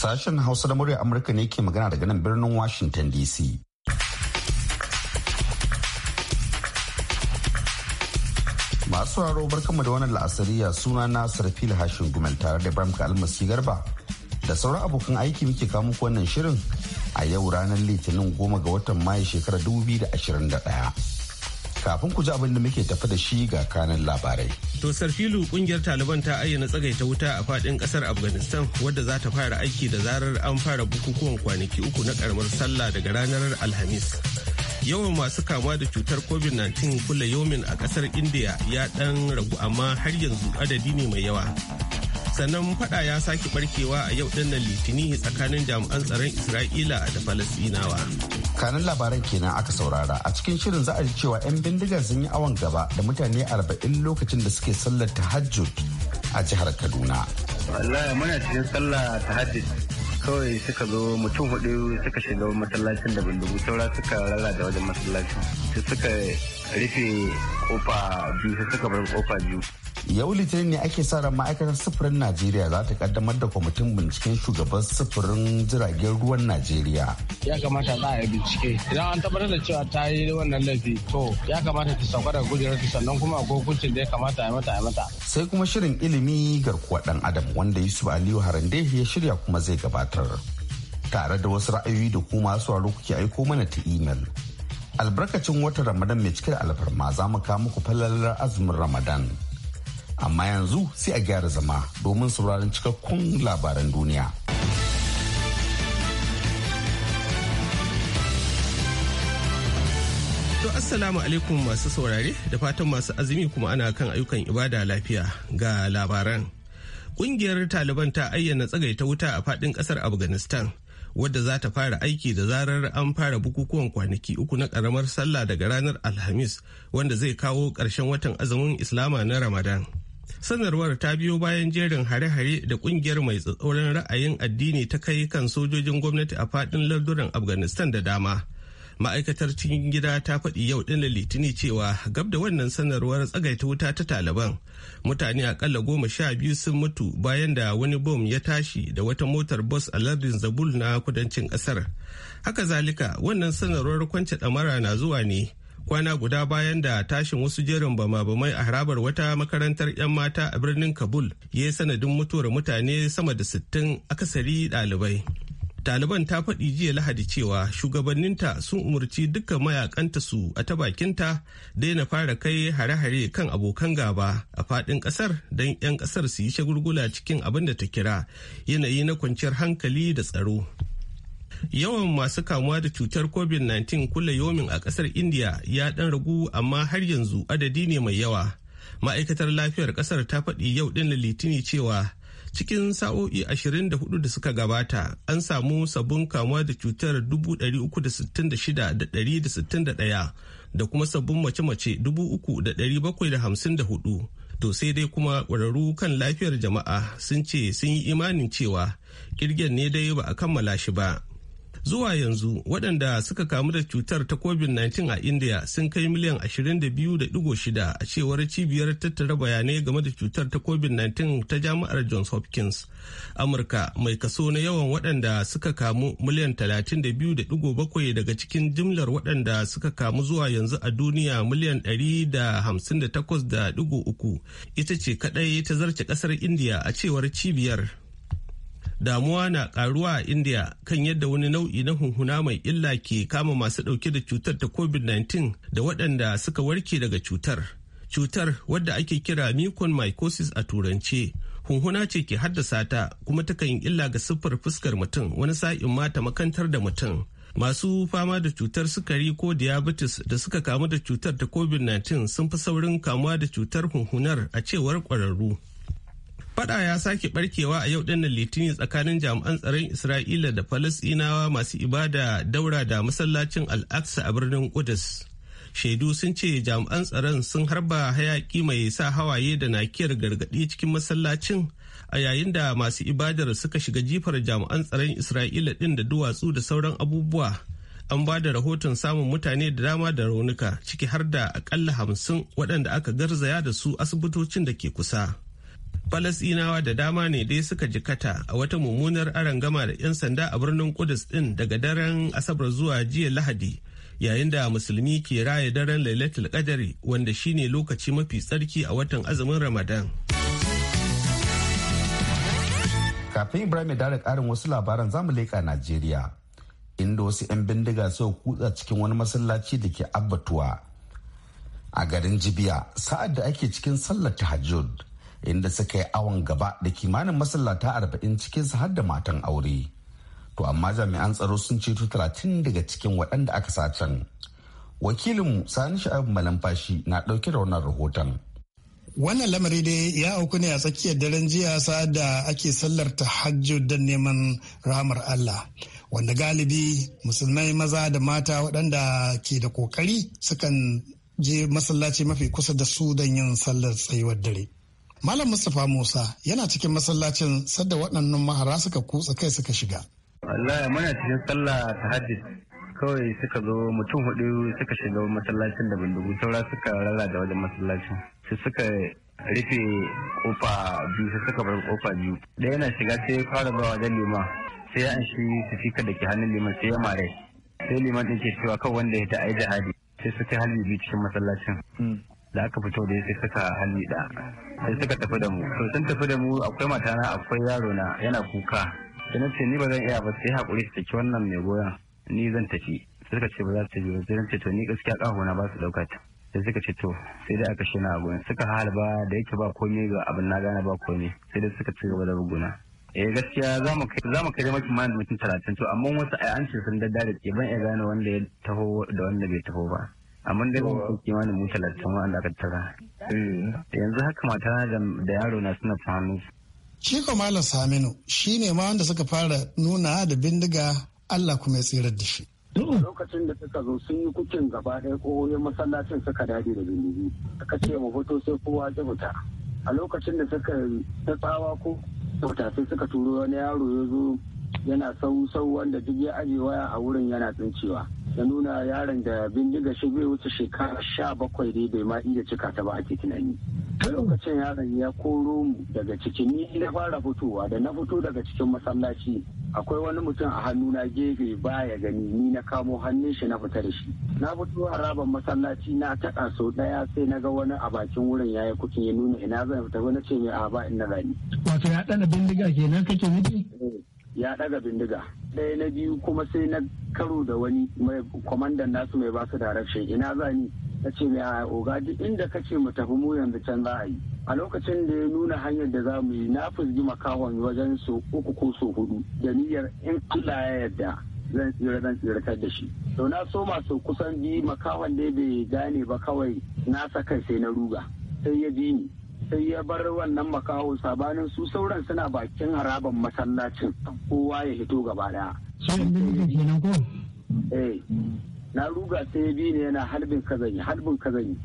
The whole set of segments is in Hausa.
Sashen Hausa da murya Amurka ne ke magana daga nan birnin Washington DC. Masu sauraro barkanmu da wannan la'asariya suna na Sarfil Hashin Gumel tare da Ibrahim Kalmasi Garba da sauran abokan aiki muke kawo muku wannan shirin a yau ranar Litinin goma ga watan Mayu shekarar 2021. kafin ku ji abin da muke tafi da shi ga kanan labarai. To Sarfilu kungiyar Taliban ta ayyana tsagaita wuta a fadin kasar Afghanistan wadda za ta fara aiki da zarar an fara bukukuwan kwanaki uku na karamar sallah daga ranar Alhamis. Yawan masu kama da cutar COVID-19 kula yomin a kasar India ya dan ragu amma har yanzu adadi ne mai yawa. sannan fada ya sake barkewa a yau dinnan litini tsakanin jami'an tsaron isra'ila da falasɗinawa kanin labaran kenan aka saurara a cikin shirin za a ji cewa 'yan bindigar sun yi awon gaba da mutane 40 lokacin da suke sallar tahajjud a jihar kaduna wallahi muna cikin sallah tahajjud kawai suka zo mutum hudu suka shiga masallacin da bindigu saura suka rara da wajen masallacin su suka rufe kofa biyu suka bar kofa biyu yau litinin ne ake sa ran ma'aikatar sufurin najeriya za ta kaddamar da kwamitin binciken shugaban sufurin jiragen ruwan najeriya ya kamata za a yi bincike idan an tabbatar da cewa ta yi wannan laifi to ya kamata ta sauka daga ta sannan kuma a hukuncin da ya kamata a mata a mata sai kuma shirin ilimi garkuwa dan adam wanda yusuf aliyu harande ya shirya kuma zai gabatar tare da wasu ra'ayoyi da kuma masu kuke aiko mana ta imel albarkacin watan ramadan mai cike da alfarma za mu kawo muku falalar azumin ramadan amma yanzu sai a gyara zama domin sauraron cikakkun labaran duniya. To assalamu alaikum masu saurare da fatan masu azumi kuma ana kan ayyukan ibada lafiya ga labaran. Kungiyar Taliban ta ayyana tsagaita wuta a fadin kasar Afghanistan wadda za ta fara aiki da zarar an fara bukukuwan kwanaki uku na karamar sallah daga ranar Alhamis wanda zai kawo ƙarshen watan azumin Islama na Ramadan. sanarwar ta biyo bayan jerin hare-hare da kungiyar mai tsatsauran ra'ayin addini ta kai kan sojojin gwamnati a fadin larduran afghanistan da dama ma'aikatar cikin gida ta faɗi yau ɗin litini cewa gab da wannan sanarwar tsagaita wuta ta taliban mutane akalla goma sha biyu sun mutu bayan da wani bom ya tashi da wata motar bus a lardin zabul na kudancin ƙasar haka zalika wannan sanarwar kwance ɗamara na zuwa ne kwana guda bayan da tashin wasu jerin bama-bamai a harabar wata makarantar 'yan mata a birnin kabul ya yi sanadin mutuwar mutane sama da 60 akasari dalibai. Taliban ta faɗi jiya Lahadi cewa shugabanninta sun umarci duka mayakanta su a ta bakinta daina fara kai hare-hare kan abokan gaba a faɗin ƙasar don 'yan ƙasar su yi shagulgula cikin abin da ta kira yanayi na kwanciyar hankali da tsaro. yawan masu kamuwa da cutar covid-19 kula yomin a kasar india ya dan ragu amma har yanzu adadi ne mai yawa ma'aikatar lafiyar kasar ta faɗi yau ɗin litini cewa cikin sa'o'i 24 da suka gabata an samu sabon kamuwa da cutar 366,161 da kuma sabbin mace-mace 3,754 to sai dai kuma ƙwararru kan lafiyar jama'a sun ce sun yi imanin cewa kirgen ne dai ba a kammala shi ba Zuwa yanzu waɗanda suka kamu da cutar ta COVID-19 a India sun kai miliyan 22.6 a cewar cibiyar tattara bayanai game da cutar ta COVID-19 ta jami'ar Johns Hopkins. Amurka mai kaso na yawan waɗanda suka kamu miliyan 32.7 daga cikin jimlar waɗanda suka kamu zuwa yanzu a duniya miliyan 158.3 ita ce kaɗai ta zarce ƙasar India a cewar cibiyar. damuwa na karuwa a india kan yadda wani nau'i na hunhuna mai illa ke kama masu dauke da cutar ta covid-19 da waɗanda suka warke daga cutar cutar wadda ake kira mucon mycosis a turance hunhuna ce ke haddasa ta kuma takan yi illa ga siffar fuskar mutum wani sa'in mata makantar da mutum masu fama da cutar sukari ko diabetes da suka kamu da cutar ta covid-19 sun fi saurin kamuwa da cutar hunhunar a cewar kwararru Fada ya sake barkewa a yau dinnan litinin tsakanin jami'an tsaron Isra'ila da Falasɗinawa masu ibada daura da masallacin al a birnin Qudus. Shaidu sun ce jami'an tsaron sun harba hayaki mai sa hawaye da nakiyar gargadi cikin masallacin a yayin da masu ibadar suka shiga jifar jami'an tsaron Isra'ila ɗin da duwatsu da sauran abubuwa. An ba da rahoton samun mutane da dama da raunuka ciki har da akalla hamsin waɗanda aka garzaya da su asibitocin da ke kusa. Falasinawa da dama ne dai suka jikata a wata mummunar arangama da 'yan sanda a birnin Kudus ɗin daga daren Asabar zuwa jiya Lahadi yayin da musulmi ke raya daren Lailatul Qadari wanda shine lokaci mafi tsarki a watan azumin Ramadan. Kafin Ibrahim da karin wasu labaran zamu leƙa Najeriya inda wasu 'yan bindiga suka kutsa cikin wani masallaci da ke abbatuwa a garin Jibiya sa'ad da ake cikin sallar tahajjud. inda suka yi awon gaba da kimanin masallata arba'in cikinsu har da matan aure to amma jami'an tsaro sun ceto talatin daga cikin waɗanda aka sacen wakilinmu sani sha'ab malamfashi na ɗauke da wannan rahoton wannan lamari dai ya auku ne a tsakiyar daren jiya sa'ad da ake sallar tahajjud don neman rahamar allah wanda galibi musulmai maza da mata waɗanda ke da kokari sukan je masallaci mafi kusa da su don yin sallar tsayuwar dare Malam Mustapha Musa yana cikin masallacin sadda waɗannan mahara suka kutsa kai suka shiga. Wallahi muna cikin sallah ta haddis kawai suka zo mutum hudu suka shiga masallacin da bindigu saura suka rara da wajen masallacin su suka rufe kofa biyu su suka bar kofa biyu Da yana shiga sai ya fara zuwa wajen liman sai ya anshi su da ke hannun liman sai ya mare sai liman ɗin ke cewa kawai wanda ya ta aida hadi sai suka hannun biyu cikin masallacin hmm. da aka fito da sai saka halli da sai suka tafi da mu to sun tafi da mu akwai matana akwai yaro na yana kuka da na ce ni ba zan iya ba sai hakuri su tafi wannan mai goyon ni zan tafi suka ce ba za su tafi ba sai ce to ni gaskiya kaho na ba su dauka ta sai suka ce to sai dai aka shina gona suka halba da yake ba komai ga abin na gane ba komai sai dai suka ci gaba da buguna eh gaskiya za mu kai za mu kai maki mutum talatin to amma wasu ai an ce sun daddare ke ban iya gane wanda ya taho da wanda bai taho ba amma dai ban kai ne mu talatin wanda aka tara eh. yanzu haka mata da yaro na suna fahimu. hannu shi ko malam saminu shi ne ma wanda suka fara nuna da bindiga Allah kuma ya tsirar da shi lokacin da suka zo sun yi kukin gaba ɗaya ƙoyoyin masallacin suka dade da bindigi Aka ce mu hoto sai kowa ya fita a lokacin da suka ta tsawa ko fita sai suka turo wani yaro ya zo yana sau sau wanda duk ya aje waya a wurin yana tsincewa ya nuna yaron da bindiga shi bai wuce shekara sha bakwai dai bai ma iya cika ta ba ake tunani kai lokacin yaron ya koro mu daga cikin ni na fara fitowa da na fito daga cikin masallaci akwai wani mutum a hannu na gefe baya gani ni na kamo hannun shi na fita da shi na fito a raban masallaci na taɗa sau ɗaya sai na ga wani a bakin wurin yayi kukin ya nuna ina zan fita wani ce mai a ba ina rani wato ya ɗana bindiga kenan kake nufi eh. ya ɗaga bindiga ɗaya na biyu kuma sai na karo da wani mai kwamandan nasu mai basu direction ina za ni na ce mai a oga duk inda ka ce mu tafi mu yanzu can za a yi a lokacin da ya nuna hanyar da za mu yi na fusgi makawan wajen so uku ko so hudu da niyyar in allah ya yarda zan tsira zan tsiratar da shi to na so masu kusan biyu makawan da bai gane ba kawai na sa sai na ruga sai ya bi ni sai ya bar wannan makaho sabanin su sauran suna bakin haraban masallacin kowa ya hito gaba daya eh, na ruga sai bi ne yana halbin kazanyi harbin kazanyi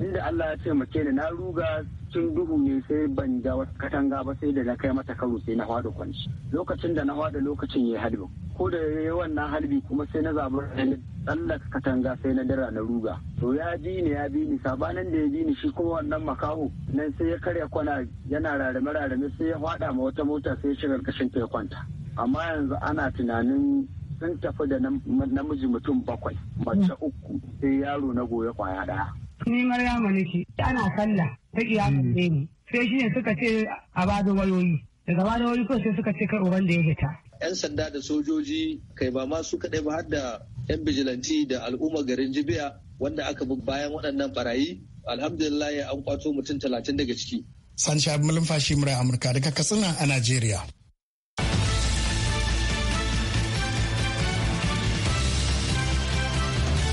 inda Allah ya ce taimake ni na ruga cikin duhu ne sai ban ga katanga ba sai da na kai mata karo sai na hwada kwanci lokacin da na hwada lokacin ya halbi ko da yawan wannan halbi kuma sai na zabi tsallaka katanga sai na dira na ruga to ya bi ni ya bi ni sabanin da ya bi ni shi kuma wannan makaho nan sai ya karya kwana yana rarame rarame sai ya hwada ma wata mota sai ya shiga kashin ta ya kwanta amma yanzu ana tunanin sun tafi da namiji mutum bakwai mace mm. uku sai yaro na goya kwaya daya ni maryama nake ana sallah ta kiyamun ne mm. sai shi ne suka ce a bada wayoyi daga bada wayoyi ko sai suka ce kar uban da ya fita yan sanda da sojoji kai ba ma su kaɗai ba har da yan bijilanti da al'umma garin jibiya wanda aka bi bayan waɗannan barayi alhamdulillah an kwato mutum talatin daga ciki sani shabi mura murai amurka daga katsina a najeriya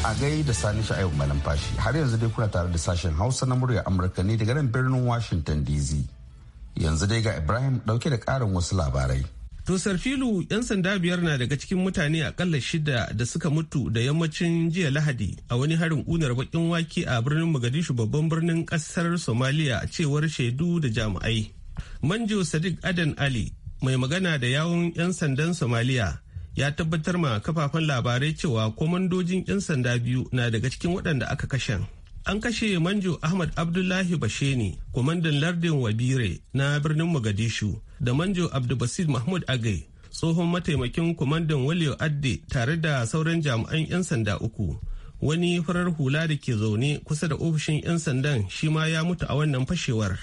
a gai da sani malam Fashi har yanzu dai kuna tare da sashen hausa na murya amurka ne daga nan birnin washington dc yanzu dai ga ibrahim dauke da karin wasu labarai to sarfilu yan sanda biyar na daga cikin mutane akalla shida da suka mutu da yammacin jiya lahadi a wani harin unar bakin wake a birnin mogadishu babban birnin kasar somaliya cewar shaidu da jami'ai manjo sadiq adan ali mai magana da yawun yan sandan somaliya ya tabbatar ma kafafen labarai cewa kwamandojin 'yan sanda biyu na daga cikin waɗanda aka kashe. An kashe Manjo Ahmad Abdullahi Basheni, kwamandan lardin Wabire na birnin Mogadishu, da Manjo Abdulbasir Mahmud Agai, tsohon mataimakin kwamandan Waliyo Adde tare da sauran jami'an 'yan sanda uku. Wani farar hula da ke zaune kusa da ofishin 'yan sandan shi ma ya mutu a wannan fashewar.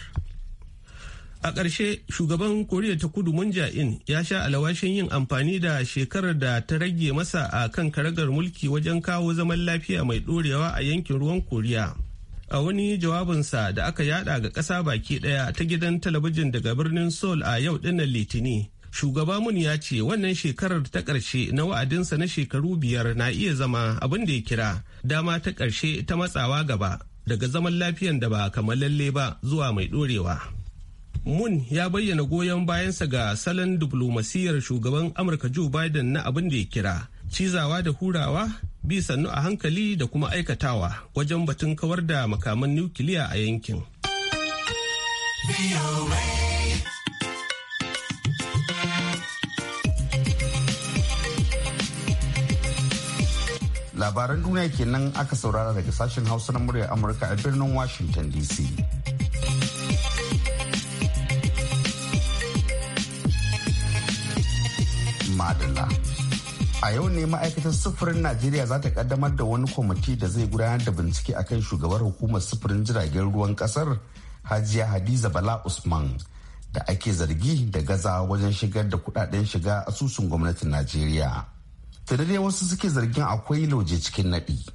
A ƙarshe shugaban Koriya ta kudu Mun Jain ya sha alawashin yin amfani da shekarar da ta rage masa a kan karagar mulki wajen kawo zaman lafiya mai ɗorewa a yankin ruwan Koriya. A wani jawabinsa da aka yada ga ƙasa baki ɗaya ta gidan talabijin daga birnin Seoul a yau ɗinnan Litini. Shugaba Mun ya ce wannan shekarar ta ƙarshe na wa'adinsa na shekaru biyar na iya zama abin da ya kira dama ta ƙarshe ta matsawa gaba daga zaman lafiyan da ba kamar lalle ba zuwa mai ɗorewa. Moon ya bayyana goyon bayansa ga salon diplomasiyar shugaban Amurka Joe Biden na abin da ya kira cizawa da hurawa bi sannu a hankali da kuma aikatawa wajen batun kawar da makaman nukiliya a yankin. Labaran duniya kenan aka saurara daga sashen Hausa na muryar Amurka a birnin Washington DC. A yau ne ma'aikatar sufurin Najeriya za ta kaddamar da wani kwamiti da zai gudanar da bincike a kan shugabar hukumar sufurin jiragen ruwan kasar Hajiya Hadiza Bala Usman da ake zargi da gaza wajen shigar da kudaden shiga asusun gwamnatin Najeriya. dai wasu suke zargin akwai lauje cikin naɗi.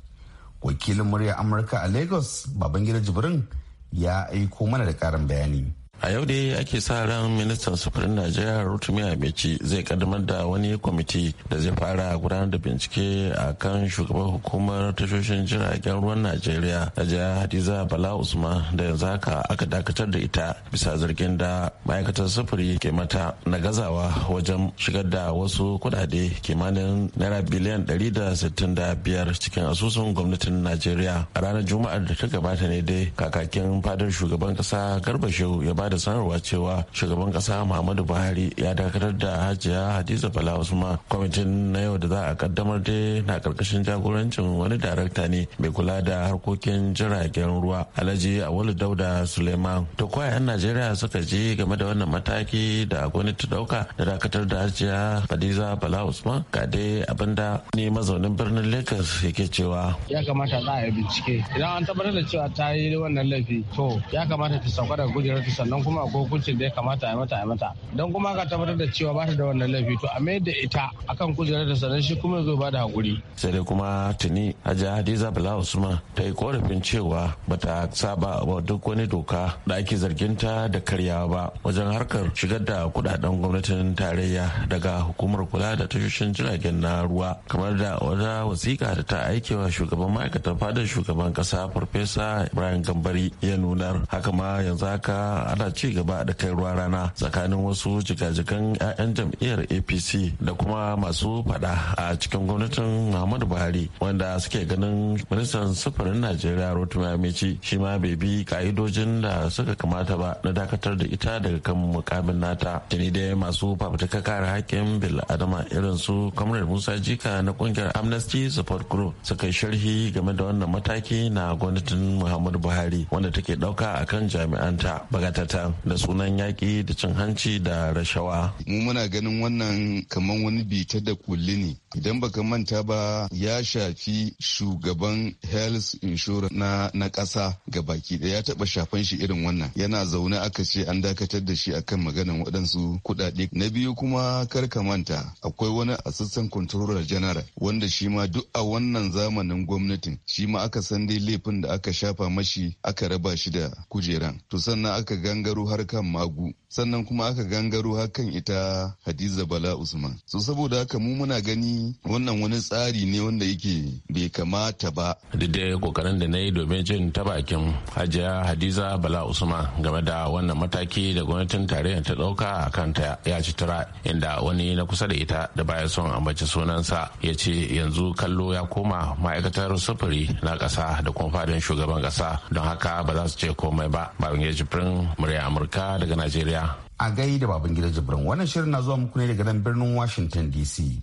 Wakilin murya Amurka a Lagos, Babangida Jibrin, ya aiko mana da ƙarin bayani. a yau dai ake sa ran ministan sufurin najeriya rotimi amechi zai kaddamar da wani kwamiti da zai fara gudanar da bincike a kan shugaban hukumar tashoshin jiragen ruwan najeriya jiya hadiza bala usman da yanzu haka aka dakatar da ita bisa zargin da ma'aikatar sufuri ke mata na gazawa wajen shigar da wasu kudade kimanin naira biliyan ɗari da sittin biyar cikin asusun gwamnatin najeriya a ranar juma'ar da ta gabata ne dai kakakin fadar shugaban kasa garba shehu ya ba da sanarwa cewa shugaban kasa muhammadu buhari ya dakatar da hajiya hadiza bala usman kwamitin na yau da za a kaddamar da na karkashin jagorancin wani darakta ne mai kula da harkokin jiragen ruwa alhaji awolu dauda suleiman to kwa yan najeriya suka je game da wannan mataki da gwamnati dauka da dakatar da hajiya hadiza bala usman ga dai abinda ni mazaunin birnin lagos yake cewa ya kamata za a yi bincike idan an tabbatar da cewa ta yi wannan laifi to ya kamata ta sauka daga gujerar sannan kuma akwai hukuncin da ya kamata a mata a mata don kuma ka tabbatar da cewa ba ta da wannan laifi to a mayar da ita akan kujerar da sanar shi kuma zo ba da hakuri sai dai kuma tuni hajiya hadiza bala usman ta yi korafin cewa ba ta saba ba duk wani doka da ake zargin ta da karyawa ba wajen harkar shigar da kudaden gwamnatin tarayya daga hukumar kula da tashoshin jiragen na ruwa kamar da wata wasiƙa da ta aikewa shugaban ma'aikatar fadar shugaban ƙasa farfesa ibrahim gambari ya nunar haka ma yanzu haka ana na ci gaba da kai ruwa rana tsakanin wasu jikajikan 'ya'yan jam'iyyar apc da kuma masu fada a cikin gwamnatin muhammadu buhari wanda suke ganin ministan sufurin najeriya rotimi amici shi ma bai bi ka'idojin da suka kamata ba na dakatar da ita daga kan mukamin nata tuni dai masu fafutuka kare hakkin bil adama irin su kamar musa jika na kungiyar amnesty support group suka yi sharhi game da wannan mataki na gwamnatin muhammadu buhari wanda take dauka akan jami'anta bagata da sunan yaƙi da cin hanci da rashawa. Mu muna ganin wannan kamar wani bita da kulli ne. Idan baka manta ba ya shafi shugaban health insurance na, na ƙasa baki da ya taɓa shafan shi irin wannan. Yana zaune aka ce an dakatar da shi akan maganan waɗansu kuɗaɗe. Na biyu kuma kar ka manta akwai wani assistant controller general wanda shi ma duk a wannan zamanin gwamnatin shi ma aka san dai laifin da aka shafa mashi aka raba shi da kujeran. To sannan aka gan gangaro har kan magu sannan kuma aka gangaro hakan ita hadiza bala usman so saboda haka mu muna gani wannan wani tsari ne wanda yake bai kamata ba duk da kokarin da na yi domin jin ta bakin hajiya hadiza bala usman game da wannan mataki da gwamnatin tarayya ta dauka a kanta ya ci tura inda wani na kusa da ita da baya son ambaci sunansa ya ce yanzu kallo ya koma ma'aikatar sufuri na kasa da kuma fadin shugaban kasa don haka ba za su ce komai ba ba ya jibrin murya amurka daga najeriya a gai da baban gida jibrin wannan shirin na zuwa muku ne daga nan birnin washington dc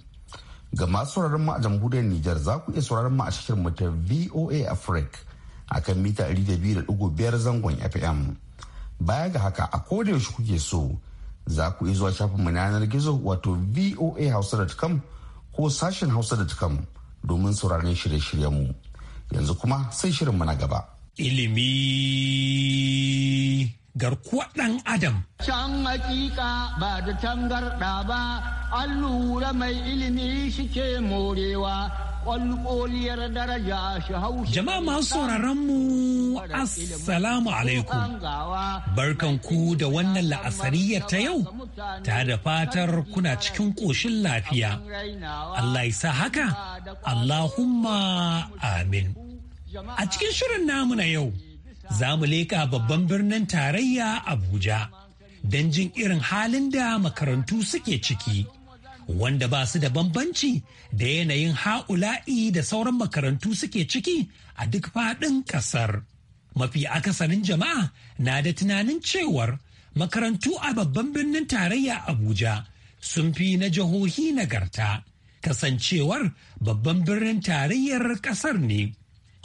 ga masu sauraron mu a jamhuriyar niger za ku iya sauraron mu a shirin mu ta voa africa akan mita 200.5 zangon fm baya ga haka a koda yaushe kuke so za ku iya zuwa shafin mu na yanar gizo wato voahausa.com ko sashen hausa.com domin sauraron shirye-shiryen mu yanzu kuma sai shirin mu na gaba ilimi Garkuwa ɗan adam. Can hakika ba da tangarɗa ba, an lura mai ilimi shike morewa, ƙwalƙoliyar daraja shi haushi. Jama'a masu sauraron mu, Assalamu alaikum. Barkan ku da wannan la'asariyar ta yau, ta da fatar kuna cikin ƙoshin lafiya. Allah ya sa haka, Allahumma amin. A cikin shirin namu na yau, za mu leƙa babban birnin tarayya Abuja don jin irin halin da makarantu suke ciki, wanda ba su da bambanci da yanayin ha'ula'i da sauran makarantu suke ciki a duk faɗin ƙasar. Mafi akasarin jama'a na da tunanin cewar makarantu a babban birnin tarayya Abuja sun fi na jihohi nagarta, kasancewar babban birnin tarayyar ƙasar ne.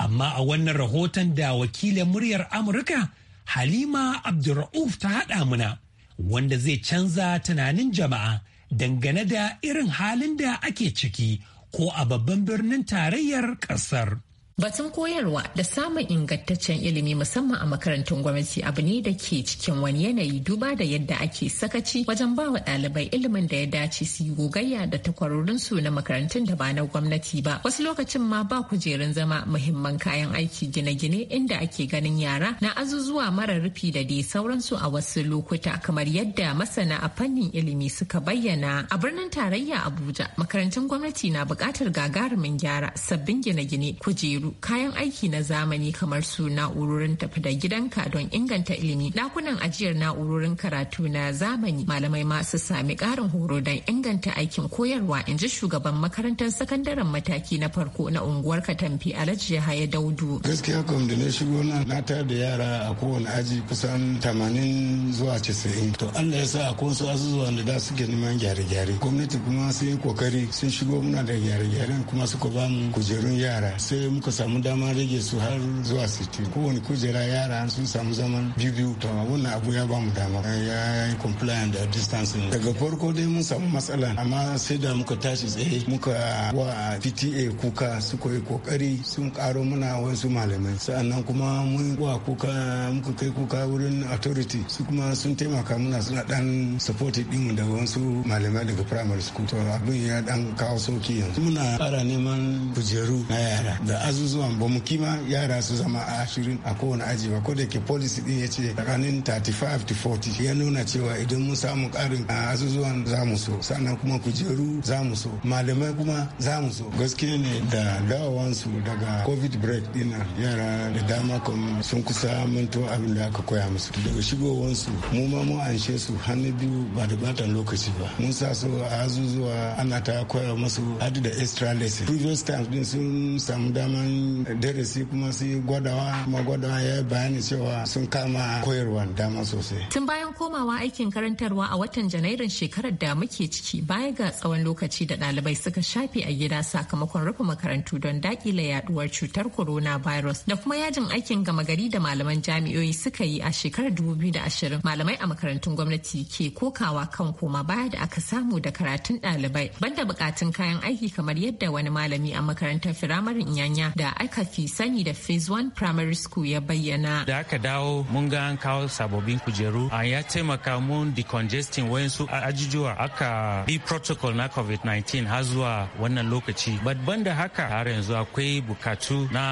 Amma a wannan rahoton da wakilin muryar Amurka Halima Abdulra'uf ta haɗa muna wanda zai canza tunanin jama'a dangane da irin halin da ake ciki ko a babban birnin tarayyar ƙasar. Batun koyarwa da samun ingantaccen ilimi musamman a makarantun gwamnati abu ne da ke cikin wani yanayi duba da yadda ake sakaci wajen ba wa ɗalibai ilimin da ya dace su yi gogayya da takwarorinsu na makarantun da ba na gwamnati ba. Wasu lokacin ma ba kujerun zama muhimman kayan aiki gine-gine inda ake ganin yara na azuzuwa mara rufi da dai sauransu a wasu lokuta kamar yadda masana a fannin ilimi suka bayyana. A birnin tarayya Abuja makarantun gwamnati na buƙatar gagarumin gyara sabbin gine-gine kujeru kayan aiki na zamani kamar su na'urorin tafi da gidanka don inganta ilimi dakunan ajiyar na'urorin karatu na zamani malamai masu sami ƙarin horo don inganta aikin koyarwa in ji shugaban makarantar sakandaren mataki na farko na unguwar katamfi alhaji yahaya daudu gaskiya kam da na shigo na na da yara a kowane aji kusan tamanin zuwa casa'in to allah ya sa a kowasu azuzuwan da da suke neman gyare-gyare gwamnati kuma sun yi kokari sun shigo muna da gyare-gyaren kuma suka ba mu kujerun yara sai muka samu dama rage su har zuwa 60 kowane kujera yara sun samu zaman biyu to wannan abu ya mu dama ya yi compliant da distancing daga farko dai mun samu matsala amma sai da muka tashi tsaye muka wa PTA kuka su kokari sun karo muna wasu malamai sa'annan kuma mun wa kuka muka kai kuka wurin authority su kuma sun taimaka muna suna dan support dinmu da wasu malamai daga primary school to abin ya dan kawo sauki yanzu muna fara neman kujeru na yara da azu zuwa ba mu kima yara su zama a ashirin a kowane aji ba ko da ke policy din ya ce tsakanin 35 to 40 ya nuna cewa idan mun samu karin ah, azuzuwan za mu so sannan kuma kujeru za mu so malamai kuma za mu so gaskiya ne da dawowansu daga covid break dina yara da dama kuma sun kusa manto abin da aka koya musu daga shigowansu mu ma mu anshe su hannu biyu ba da batan lokaci ba mun sa su a azuzuwa ana ta koya musu hadu da extra lesson previous times din sun samu daman sun darasi kuma sun yi gwadawa kuma gwadawa ya yi bayani cewa sun kama koyarwa dama sosai tun bayan komawa aikin karantarwa a watan janairun shekarar da muke ciki baya ga tsawon lokaci da ɗalibai suka shafe a gida sakamakon rufe makarantu don dakile yaduwar cutar corona virus da kuma yajin aikin gama gari da malaman jami'o'i suka yi a shekarar da ashirin malamai a makarantun gwamnati ke kokawa kan koma baya da aka samu da karatun ɗalibai banda bukatun kayan aiki kamar yadda wani malami a makarantar firamarin iyanya da da aka fi sani da phase 1 primary school ya bayyana. Da aka dawo mun ga an kawo sababbin kujeru a ya taimaka mun decongesting wayansu ajijuwa aka bi protocol na COVID-19 har zuwa wannan lokaci. Babban da haka har yanzu akwai bukatu na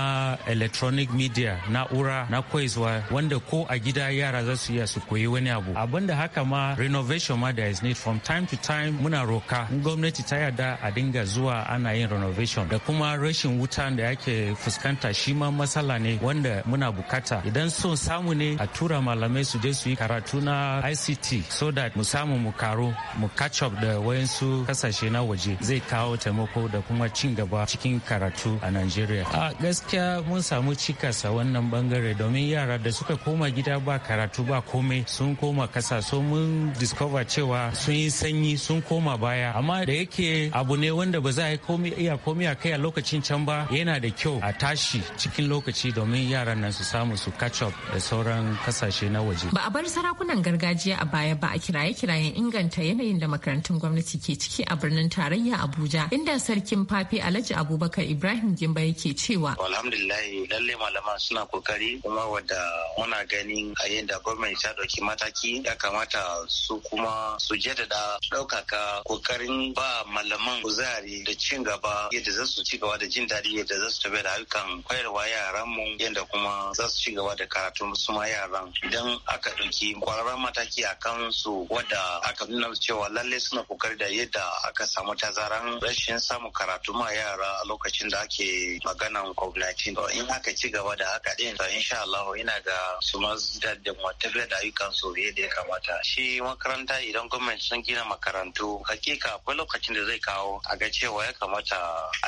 electronic media na ura na kwaizuwa wanda ko a gida yara za su iya su koyi wani abu. Abin da haka ma renovation ma da is need from time to time muna roka gwamnati ta yarda a dinga zuwa ana yin renovation da kuma rashin wuta da yake fuskanta shi ma matsala ne wanda muna bukata idan so samu ne a tura malamai su je su yi karatu na ICT so that mu samu mu karo mu catch up da wayansu kasashe na waje zai kawo taimako da kuma cin gaba cikin karatu a nigeria. A gaskiya mun samu cikas a wannan bangare domin yara da suka koma gida ba karatu ba komai sun koma kasa so mun discover cewa sun yi sanyi sun koma baya amma da yake abu ne wanda ba za a yi iya komai a kai a lokacin can ba yana da kyau kyau a tashi cikin lokaci domin yaran nan su samu su catch up da sauran kasashe na waje. Ba a bar sarakunan gargajiya a baya ba a kiraye-kirayen inganta yanayin da makarantun gwamnati ke ciki a birnin tarayya Abuja inda sarkin fafe Alhaji Abubakar Ibrahim Gimba yake cewa. Alhamdulillah lalle malaman suna kokari kuma wadda muna ganin a yadda gwamnati ta ɗauki mataki ya kamata su kuma su jaddada ɗaukaka kokarin ba malaman kuzari da cin gaba yadda za su ci gaba da jin daɗi yadda za su saboda ayyukan koyarwa yaran mu yadda kuma za su ci gaba da karatun su ma yaran idan aka ɗauki kwararren mataki a kan su wadda aka nuna cewa lalle suna kokari da yadda aka samu tazaran rashin samu karatu ma yara a lokacin da ake maganan covid-19 in aka ci gaba da haka ɗin to insha Allah ina ga su ma da tafiyar da ayyukan su yadda ya kamata shi makaranta idan gwamnati sun gina makarantu hakika akwai lokacin da zai kawo a ga cewa ya kamata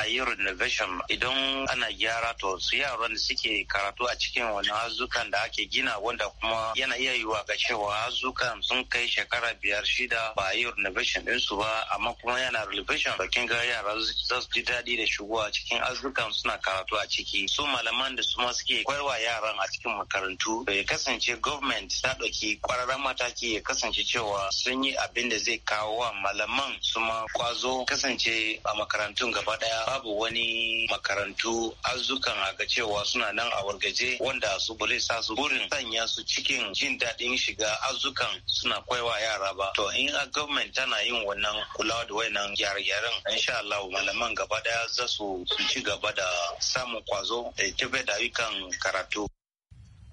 a yi renovation idan ana gyara to su yaran da suke karatu a cikin wani hazukan da ake gina wanda kuma yana iya yiwa ga cewa hazukan sun kai shekara biyar shida ba a yi renovation ɗinsu ba amma kuma yana renovation da kin ga yara za su ji daɗi da a cikin hazukan suna karatu a ciki su malaman da su ma suke koyarwa yaran a cikin makarantu bai kasance government ta ɗauki ƙwararren mataki ya kasance cewa sun yi abin da zai kawo wa malaman su ma kwazo kasance a makarantun gaba ɗaya babu wani makarantu arzukan ga cewa suna nan a wargaje wanda su bale sa su burin sanya su cikin jin daɗin shiga arzukan suna kwaiwa yara ba to in a gwamnati tana yin wannan kula da wayannan gyare-gyaren insha Allah malaman gaba daya za su ci gaba da samun kwazo da tafiya da ayyukan karatu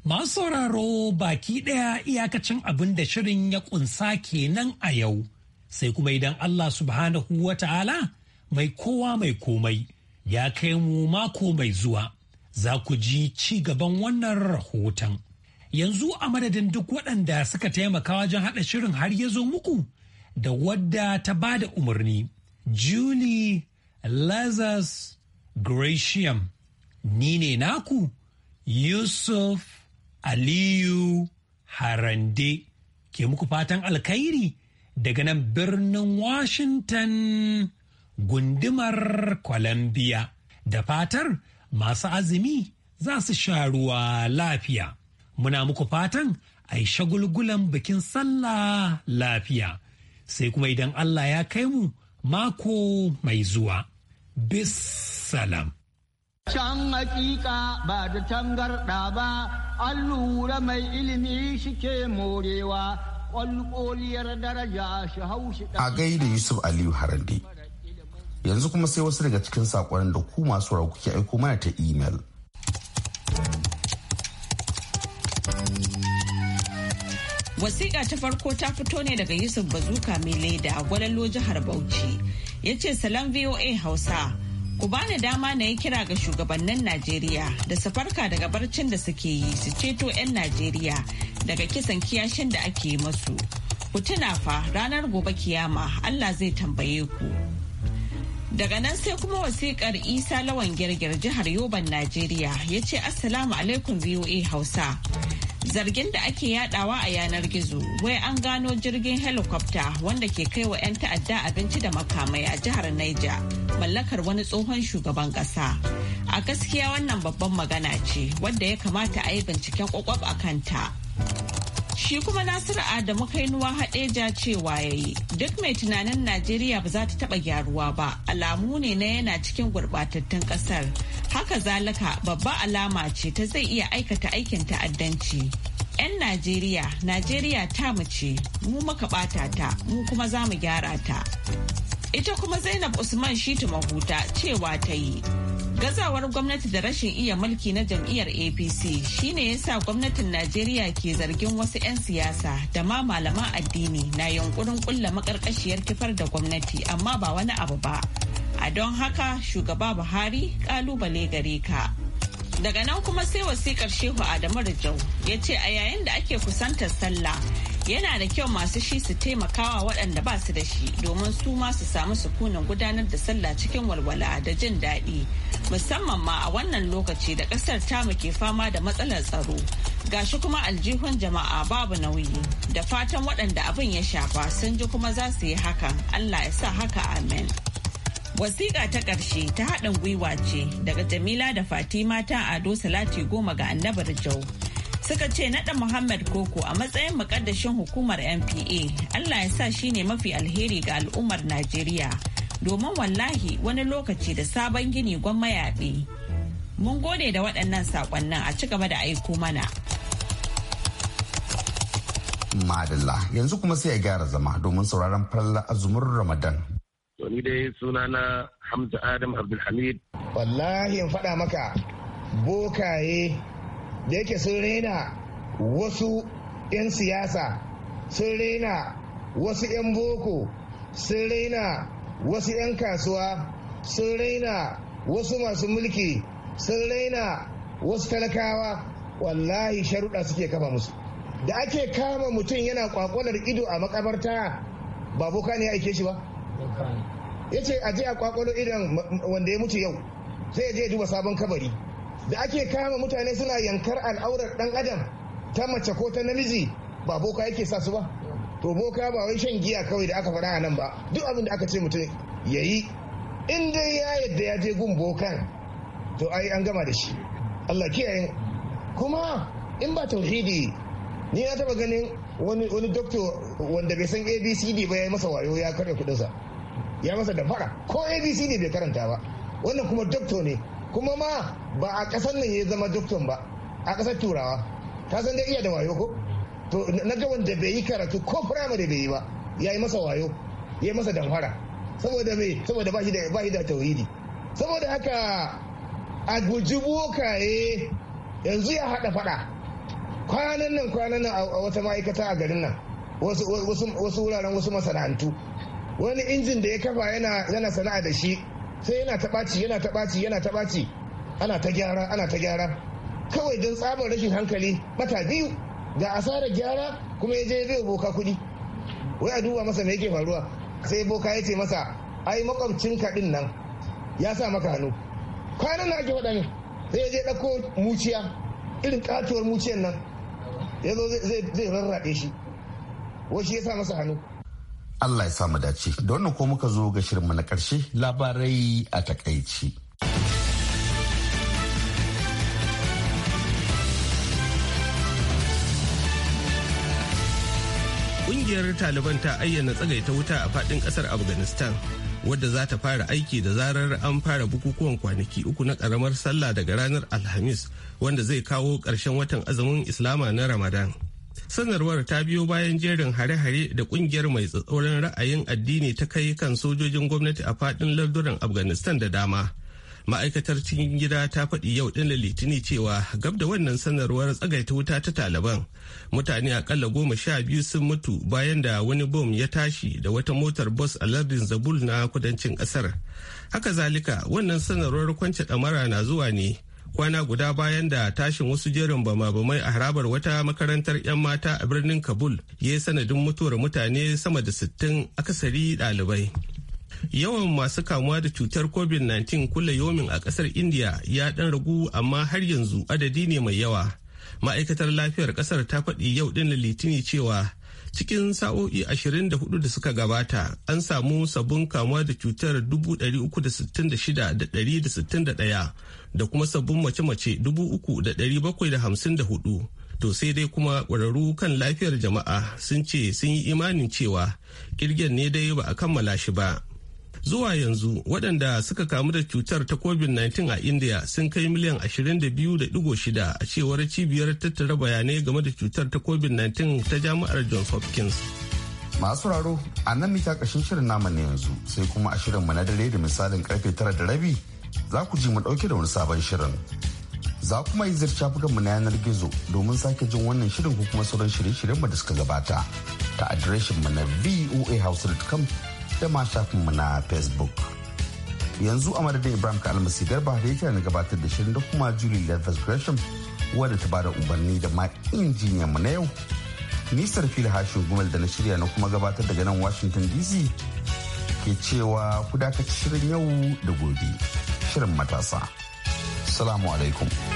Masu sauraro baki ɗaya iyakacin abin da shirin ya ƙunsa kenan a yau, sai kuma idan Allah subhanahu wa ta'ala mai kowa mai komai ya kai mu mako mai zuwa za ku ji ci gaban wannan rahoton. Yanzu a madadin duk waɗanda suka taimaka wajen haɗa shirin har ya zo muku da wadda ta ba da umarni. Julie Lazarus Gratiam, ni ne naku Yusuf Aliyu Harande, ke muku fatan alkhairi daga nan birnin Washington. gundumar Columbia. Da fatar masu azumi za su sha ruwa lafiya. Muna muku fatan a yi shagulgulan bikin sallah lafiya. Sai kuma idan Allah ya kai mu mako mai zuwa. Bis salam. Can hakika ba da tangarɗa ba, an lura mai ilimi shike morewa, ƙwalƙoliyar daraja shi haushi A gaida Yusuf Aliyu Harande. yanzu kuma sai wasu daga cikin sakonin da ku masu rauku ke aiko mana ta imel. wasiƙa ta farko ta fito ne daga yusuf bazuka mai leda a gwalalo jihar bauchi ya ce salon voa hausa ku bani dama na yi kira ga shugabannin najeriya da su farka daga barcin da suke yi su ceto 'yan najeriya daga kisan kiyashin da ake yi masu ku tuna fa ranar gobe kiyama allah zai tambaye ku Daga nan sai kuma wasiƙar Isa Lawan Girgir jihar Yoban Najeriya ya ce Assalamu alaikum VOA Hausa. Zargin da ake yadawa a yanar gizo wai an gano jirgin helikwafta wanda ke kai wa 'yan ta'adda abinci da makamai a jihar Niger mallakar wani tsohon shugaban ƙasa. A gaskiya wannan babban magana ce wadda ya kamata a yi binciken kwakwab a kanta. Shi kuma Nasiru Adamu Kainuwa Hadeja cewa ya yi, duk mai tunanin Najeriya ba za ta taɓa gyaruwa ba alamu ne na yana cikin gurbatattun ƙasar. Haka zalika babba alama ce ta zai iya aikata aikin ta'addanci. 'Yan Najeriya, Najeriya ta mu ce, mu muka ɓata ta, mu kuma za mu gyara ta. Ita kuma Zainab Usman Shitu Mahuta cewa ta yi. Gazawar gwamnati da rashin iya mulki na jam'iyyar APC shine ya sa gwamnatin Najeriya ke zargin wasu 'yan siyasa da ma malaman addini na yunkurin kulla makarkashiyar kifar da gwamnati amma ba wani abu ba. A don haka shugaba Buhari kalubale gare ka. Daga nan kuma sai wasikar Shehu Adamu Rijau ya ce a yayin da ake kusantar sallah yana da kyau masu shi su taimakawa waɗanda ba su da shi domin su ma su samu sukunin gudanar da sallah cikin walwala da jin daɗi musamman ma a wannan lokaci da ƙasar tamu ke fama da matsalar tsaro gashi kuma aljihun jama'a babu nauyi da fatan waɗanda abin ya shafa sun ji kuma za su yi hakan allah ya sa haka amen wasiƙa ta ƙarshe ta haɗin gwiwa ce daga jamila da fatima ta ado salati goma ga annabar jau suka ce naɗa Muhammad Koko a matsayin mukaddashin hukumar MPA Allah ya sa shi ne mafi alheri ga al'ummar Najeriya domin wallahi wani lokaci da sabon gini gwamma mayaɓe. Mun gode da waɗannan saƙonnin a ci gaba da aiko mana. Madalla yanzu kuma sai ya gyara zama domin sauraron falla azumin Ramadan. Wani dai suna na Hamza Adam Abdulhamid. Wallahi in faɗa maka bokaye da yake sun rena wasu 'yan siyasa sun rena wasu 'yan boko sun rena wasu 'yan kasuwa sun rena wasu masu mulki sun raina wasu talakawa wallahi sharuɗa suke kama musu da ake kama mutum yana kwakwalar ido a makabarta ba boka ne ya aike shi ba ya ce aje a kwakwalo idon wanda ya mutu yau sai ya je duba sabon kabari da ake kama mutane suna yankar al'aurar dan adam ta mace ko ta namiji ba boka yake sa su ba to boka ba wai shan giya kawai da aka fara a nan ba duk abin da aka ce mutum ya yi in dai ya yadda ya je gun bokan to ai an gama da shi Allah kiyaye kuma in ba tauhidi ni na taba ganin wani wani doctor wanda bai san abcd ba ya yi masa wayo ya karya kudinsa ya masa da fara ko abcd bai karanta ba wannan kuma doctor ne kuma ma ba a ƙasar nan ya zama dukkan ba a ƙasar turawa ta san dai iya da wayo ko to na ga wanda bai yi karatu ko firamare bai yi ba ya yi masa wayo ya yi masa damfara saboda mai saboda ba shi da tauhidi saboda haka a guji bokaye yanzu ya haɗa faɗa kwanan nan kwanan nan a wata ma'aikata a garin nan wasu wuraren wasu masana'antu wani injin da ya kafa yana sana'a da shi sai yana ta ɓaci yana ta ɓaci yana ta ɓaci ana ta gyara ana ta gyara kawai don tsabar rashin hankali mata biyu ga asarar gyara kuma ya je zai boka kuɗi wai a duba masa me yake faruwa sai boka ya ce masa ai makwabcin kaɗin nan ya sa maka hannu kwanan na ake faɗa ne sai ya je ɗauko muciya irin katuwar muciyar nan ya zo zai rarraɗe shi wai shi ya sa masa hannu Allah ya samu dace. Da wannan ko muka zo ga shirinmu na ƙarshe labarai a takaici. Ƙungiyar Taliban ta ayyana tsagaita wuta a faɗin ƙasar Afghanistan. wadda za ta fara aiki da zarar an fara bukukuwan kwanaki uku na karamar sallah daga ranar alhamis wanda zai kawo ƙarshen watan azumin islama na ramadan sanarwar ta biyo bayan jerin hare-hare da kungiyar mai tsatsauran ra'ayin addini ta kai kan sojojin gwamnati a fadin larduran afghanistan da dama ma'aikatar cikin gida ta faɗi yau ɗin litini cewa gab da wannan sanarwar tsagaita wuta ta taliban mutane akalla goma sha biyu sun mutu bayan da wani bom ya tashi da wata motar bus a lardin zabul na kudancin ƙasar haka zalika wannan sanarwar kwance ɗamara na zuwa ne kwana guda bayan da tashin wasu jerin bama-bamai a harabar wata makarantar 'yan mata a birnin kabul ya yi sanadin mutuwar mutane sama da 60 akasari ɗalibai yawan masu kamuwa da cutar covid-19 kula yomin a ƙasar india ya ɗan ragu amma har yanzu adadi ne mai yawa ma'aikatar lafiyar ƙasar ta faɗi yau ɗin litini cewa cikin sa'o'i 24 da suka gabata an samu sabon kamuwa da cutar 366,161 da kuma sabon mace-mace 3,754 to sai dai kuma ƙwararru kan lafiyar jama'a sun ce sun yi imanin cewa kirgen ne dai ba a kammala shi ba zuwa yanzu waɗanda suka kamu da cutar ta covid-19 a india sun kai miliyan 22.6 a cewar cibiyar tattara bayanai game da cutar ta covid-19 ta jami'ar john hopkins masu raro a nan mika ƙashin shirin nama na yanzu sai kuma a shirin mu na dare da misalin karfe tara da rabi za ku ji mu ɗauke da wani sabon shirin za kuma yi zirca mu na yanar gizo domin sake jin wannan shirin ko kuma sauran shirye-shiryen mu da suka gabata ta adireshin mu na voahouse.com da ma mu na facebook yanzu a madadin ibrahim ka almasi garba da yake na gabatar da shirin da kuma julie levis gresham wadda ta bada umarni da ma injiniyan mu na yau nisar fil hashin gumel da na shirya na kuma gabatar daga nan washington dc ke cewa ku dakaci shirin yau da gobe shirin matasa salamu alaikum